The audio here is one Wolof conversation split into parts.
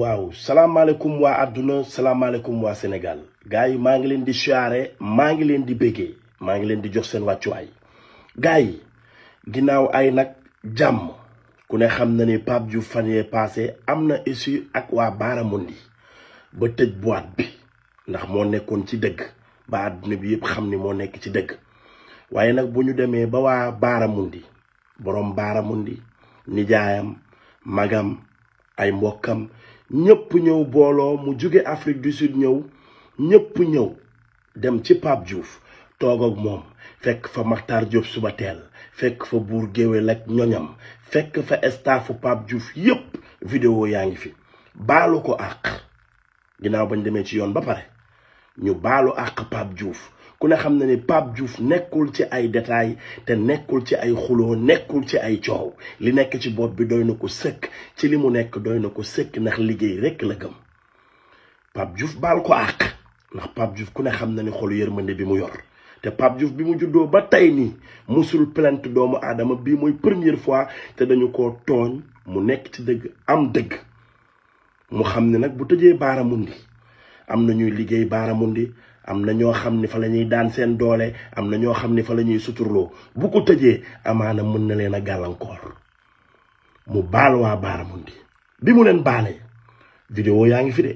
waaw salaamaaleykum waa àdduna salaamaaleykum waa Sénégal gars yi maa ngi leen di siyaare maa ngi leen di béggee maa ngi leen di jox seen wàccuwaay gars yi ginnaaw ay nag jàmm ku ne xam na ni Pape ju fan yee paase am na issue ak waa baara mundi ba tëj boîte bi ndax moo nekkoon ci dëgg ba àdduna bi yëpp xam ni moo nekk ci dëgg waaye nag bu ñu demee ba waa Baaramundi boroom Baaramundi nijaayam magam ay mbokkam ñëpp ñëw booloo mu jóge Afrique du Sud ñëw ñëpp ñëw dem ci Pape Diouf toog ak moom fekk fa maxtar Diop suba teel fekk fa buur géwél ak ñoñam fekk fa staffu Pape Diouf yépp vidéo yaa ngi fi baalu ko àq ginnaaw bañ demee ci yoon ba pare ñu baalu àq Pape Diouf ku ne xam na ni Pape Diouf nekkul ci ay détails te nekkul ci ay xuloo nekkul ci ay coow li nekk ci boot bi doy na ko sëkk ci li mu nekk doy na ko sëkk ndax liggéey rekk la gëm Pape Diouf baal ko àq ndax Pape jouf ku ne xam na ni xolu yërmande bi mu yor te Pape jouf bi mu juddoo ba tey nii musul plainte doomu aadama bi muy première fois te dañu ko tooñ mu nekk ci dëgg am dëgg mu xam ne nag bu tëjee baaramundi am na ñuy liggéey baaramundi am na ñoo xam ni fa la ñuy daan seen doole am na ñoo xam ni fa la ñuy suturloo bu ko tëjee amaana mën na leen a gàllankoor mu baal waa Baaramundi bi mu leen baalee vidéo yaa ngi fi de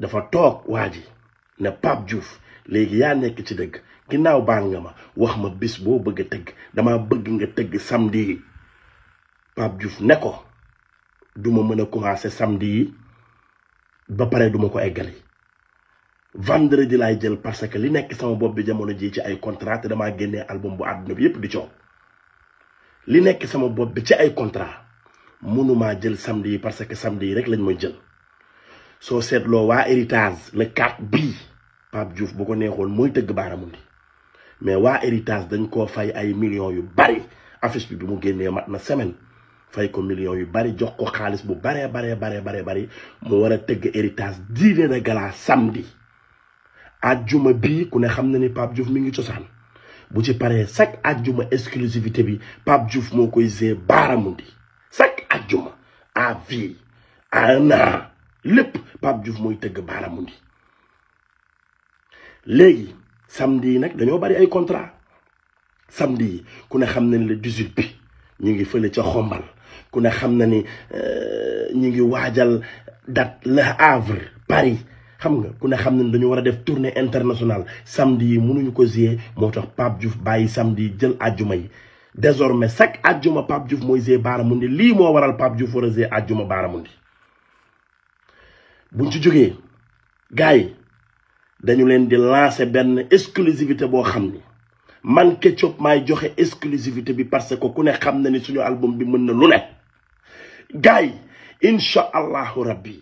dafa toog waa ji ne Pape Diouf léegi yaa nekk ci dëgg ginnaaw baal nga ma wax ma bis boo bëgg a tëgg dama bëgg nga tëgg samdi yi Pape Diouf ne ko duma mën a commencer samedi yi ba pare duma ko eggali vendredi laay jël parce que li nekk sama bopp bi jamono ji ci ay contrat te damaa génnee album bu àdduna bi yëpp di coow li nekk sama bopp bi ci ay contrat mënumaa jël samedi parce que samedi yi rek lañ mooy jël soo seetloo waa héritage le 4 bi Pape Diouf bu ko neexoon mooy tëgg baaramundi mais waa héritage dañ koo fay ay millions yu bari affiche bi bi mu génnee mat na semaine fay ko millions yu bari jox ko xaalis bu baree baree baree baree bari mu war a tëgg héritage dîner gala samedi ajjuma bii ku ne xam na ni Pape jouf mi ngi cosaan bu ci paree chaque ajjuma exclusivité bi Pape jouf moo koy gée baaramundi chaque ajjuma à vie à un an lépp Pape jouf mooy tëgg baaramundi léegi samedi yi nag dañoo bari ay contrat samedi yi ku ne xam na ni le 18 bi ñu ngi fële ca xombal ku ne xam na ni euh, ñu ngi waajal date Le Havre Paris xam nga ku ne xam na ne dañu war a def tournée internationale samedi yi mënuñu ko ziyee moo tax Pape Diouf bàyyi samedi yi jël ajjuma yi désormais chaque ajjuma Pape Diouf mooy ziyee baaramundi lii moo waral Pape Diouf war a ziyee ajjuma baaramundi buñ ci jógee gars yi dañu leen di lancer benn exclusivité boo xam ni man Ketchup maay joxe exclusivité bi parce que ku ne xam na ni suñu album bi mën na lu ne gars yi incha allahu rabbi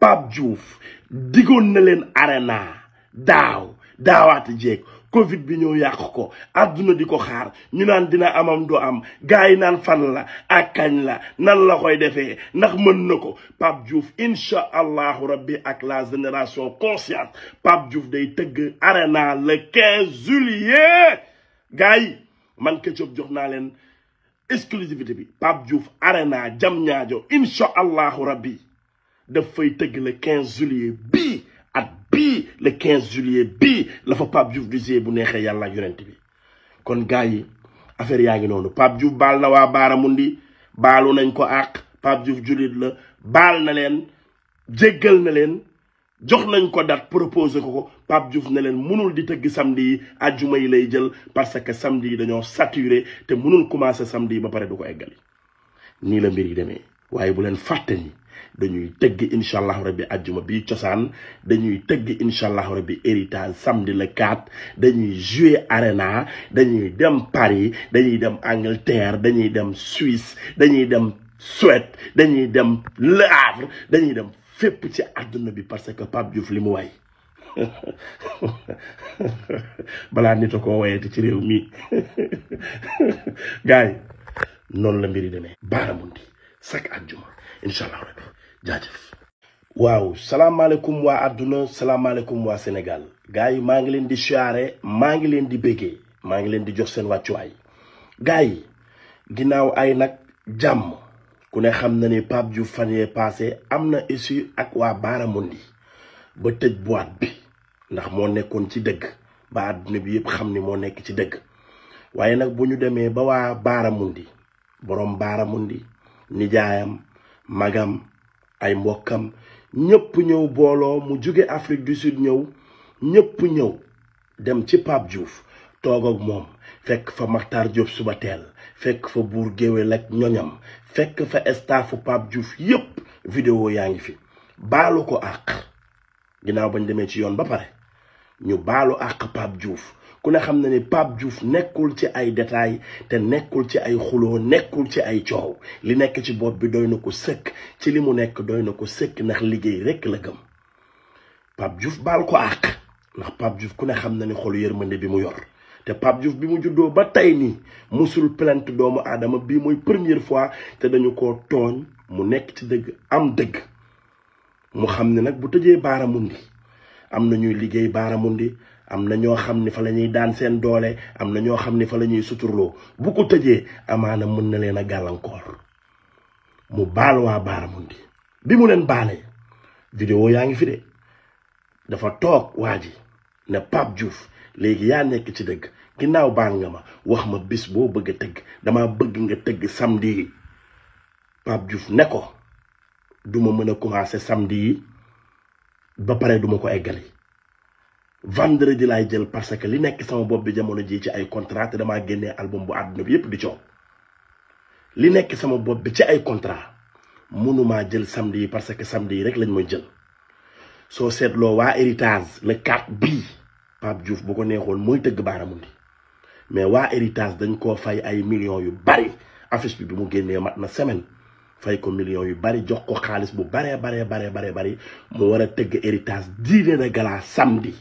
Pape jouf diggoon na leen arena daaw daawaati jeeg covid bi ñëw yàqu ko àdduna di ko xaar ñu naan dina amam du am gars yi naan fan la ak kañ la nan la koy defee ndax mën na ko Pape Diouf incha allahu rabbi ak la génération consciente Pape Diouf day tëgg arena le 15 juillet gars yi man Ketchup jox naa leen exclusivité bi Pape Diouf arena jam ñaajo incha allahu rabbi daf fay tëgg la 15 juillet bii at bi le 15 juillet bii la fa Pape Diouf di bu neexee yàlla ak yonent bi kon gars yi affaire yaa ngi noonu Pape Diouf baal na waa Baaramundi baalu nañ ko àq Pape Diouf jullit la baal na leen jéggal na leen jox nañ ko date proposé ko ko Pape Diouf na leen mënul di tëgg samedi yi ajjuma yi lay jël parce que samedi yi dañoo saturé te mënul commencé samedi yi ba pare du ko eggali nii la mbir yi demee. waaye bu leen fàtte ni dañuy tëgg incha allah rabbi ajjuma bi cosaan dañuy tëgg incha allah rabbi héritage samedi le 4 dañuy jouer arena dañuy dem Paris dañuy dem Angleterre dañuy dem Suisse dañuy dem Suède dañuy dem Le Havre dañuy dem fépp ci àdduna bi parce que Pape Diouf li mu waay balaa nit a koo wayati ci réew mi gars yi la mbiri demee baaramundi chaque ak waaw salaamaaleykum waa àdduna salaamaaleykum waa Sénégal gars yi maa ngi leen di siyaare maa ngi leen di béggee maa ngi leen di jox seen wàccuwaay gars yi ginnaaw ay nag jàmm ku ne xam na ni Pape ju fan yee passé am na issue ak waa Baaramundi ba tëj boîte bi ndax moo nekkoon ci dëgg ba àdduna bi yëpp xam ni moo nekk ci dëgg waaye nag bu ñu demee ba waa Baaramundi boroom Baaramundi nijaayam magam ay mbokkam ñépp ñëw booloo mu jóge Afrique du Sud ñëw ñépp ñëw dem ci Pape Diouf toog ak moom fekk fa maxtar Diop suba teel fekk fa buur géwél ak ñoñam fekk fa staffu Pape Diouf yépp vidéo yaa ngi fi baalu ko àq ginnaaw bañ demee ci yoon ba pare ñu baalu àq Pape Diouf ku ne xam na ni Pape Diouf nekkul ci ay détails te nekkul ci ay xuloo nekkul ci ay coow li nekk ci bopp bi doy na ko sëkk ci li mu nekk doy na ko sëkk ndax liggéey rekk la gëm Pape Diouf baal ko àq ndax Pape Diouf ku ne xam na ni xolu yërmande bi mu yor te Pape jouf bi mu juddoo ba tey nii musul plainte doomu aadama bii muy première fois te dañu ko tooñ mu nekk ci dëgg am dëgg mu xam ne nag bu tëjee baaramundi am na ñuy liggéey baaramundi am na ñoo xam ni fa la ñuy daan seen doole am na ñoo xam ni fa la ñuy suturloo bu ko tëjee amaana mën na leen a gàllankoor mu baal waa Baaramundi bi mu leen baalee vidéo yaa ngi fi de dafa toog waa ji ne Pape Diouf léegi yaa nekk ci dëgg ginnaaw baal nga ma wax ma bis boo bëgg a tëgg dama bëgg nga tëgg samdi yi Pape Diouf ne ko duma mën a commencer samedi yi ba pare duma ko eggale vendredi laay jël parce que li nekk sama bopp bi jamono ji ci ay contrat te damaa génnee album bu àdduna bi yépp di coow li nekk sama bopp bi ci ay contrat mënuma jël samedi parce que samedi yi rek lañ ma jël soo seetloo waa héritage le 4 bi Pape Diouf bu ko neexoon mooy tëgg baaramundi mais waa héritage dañ koo fay ay millions yu bari affiche bi bu mu génnee mat na semaine fay ko million yu bari jox ko xaalis bu baree baree baree baree bari mu war a tëgg héritage diine na gala samedi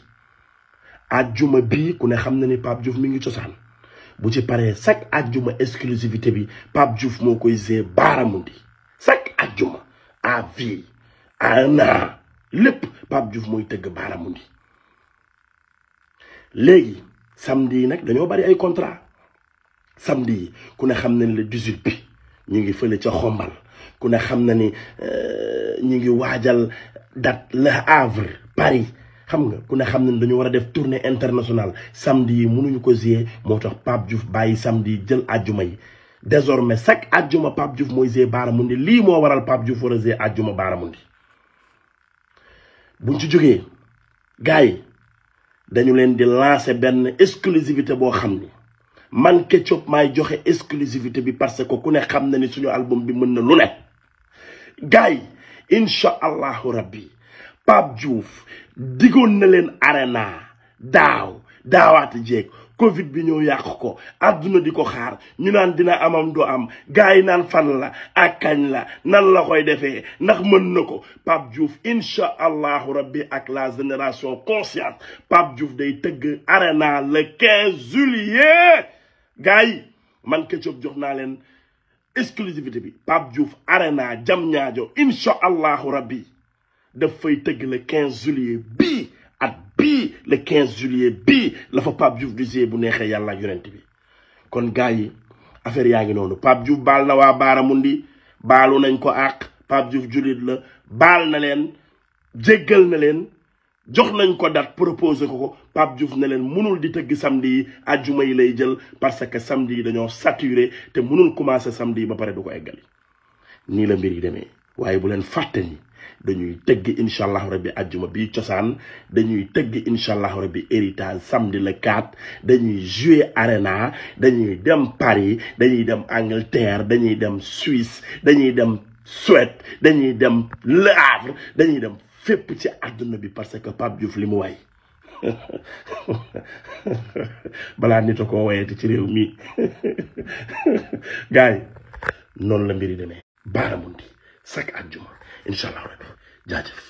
ajjuma bii ku ne xam na ni Pape Diouf mi ngi cosaan bu ci paree chaque ajjuma exclusivité bi Pape Diouf moo koy zee baaramundi chaque ajjuma à vie à un an lépp Pape Diouf mooy tëgg baaramundi léegi samedi yi nag dañoo bari ay contrat samedi yi ku ne xam na ni le 18 bi ñu ngi fële ca xombal ku ne xam na ni euh, ñu ngi waajal date Le Havre Paris xam nga ku ne xam na ne dañu war a def tournée internationale samedi yi mënuñu ko gérer moo tax Pape Diouf bàyyi samedi yi jël àjjuma yi désormais chaque àjjuma Pape Diouf mooy gérer Baaramundi lii moo waral Pape Diouf war a gérer àjjuma Baaramundi buñ ci jógee gars yi dañu leen di lancer benn exclusivité boo xam ni man Ketchup maay joxe exclusivité bi parce que ku ne xam na ni suñu album bi mën na lu ne gars yi incha allahu rabbi Pape Diouf diggoon na leen arena daaw daawaati jeeg covid bi ñëw yàq ko àdduna di ko xaar ñu naan dina amam du am gars yi naan fan la ak kañ la nan la koy defee ndax mën na ko Pape Diouf incha allahu rabbi ak la génération consciente Pape Diouf day tëgg arena le 15 juillet gars yi man Ketchup jox naa leen exclusivité bi Pape Diouf arena jam ñaajo incha allahu rabbi daf fay tëgg la 15 juillet bii at bii le 15 juillet bii la fa Pape Diouf di see bu neexee yàlla ak yonent bi kon gars yi affaire yaa ngi noonu Pape Diouf baal na waa Baaramundi baalu nañ ko àq Pape Diouf jullit la baal na leen jéggal na leen jox nañ ko date proposé ko ko Pape Diouf na leen mënul di tëgg samedi yi ajjuma yi lay jël parce que samedi yi dañoo saturé te munul commencé samedi yi ba pare du ko eggali nii la mbir yi demee waaye bu leen fàtte ni dañuy tëgg incha allahu rabbi ajjuma bi cosaan dañuy tëgg incha allahu rabbi héritage samedi le dañuy jouer arena dañuy dem Paris dañuy dem Angleterre dañuy dem Suisse dañuy dem Suède dañuy dem Le Havre dañuy dem fépp ci àdduna bi parce que Pape Diouf li mu way balaa nit a koo wayati ci réew mi gars yi la mbiri demee baaramundi chaque àjjuma incha allah jaajëf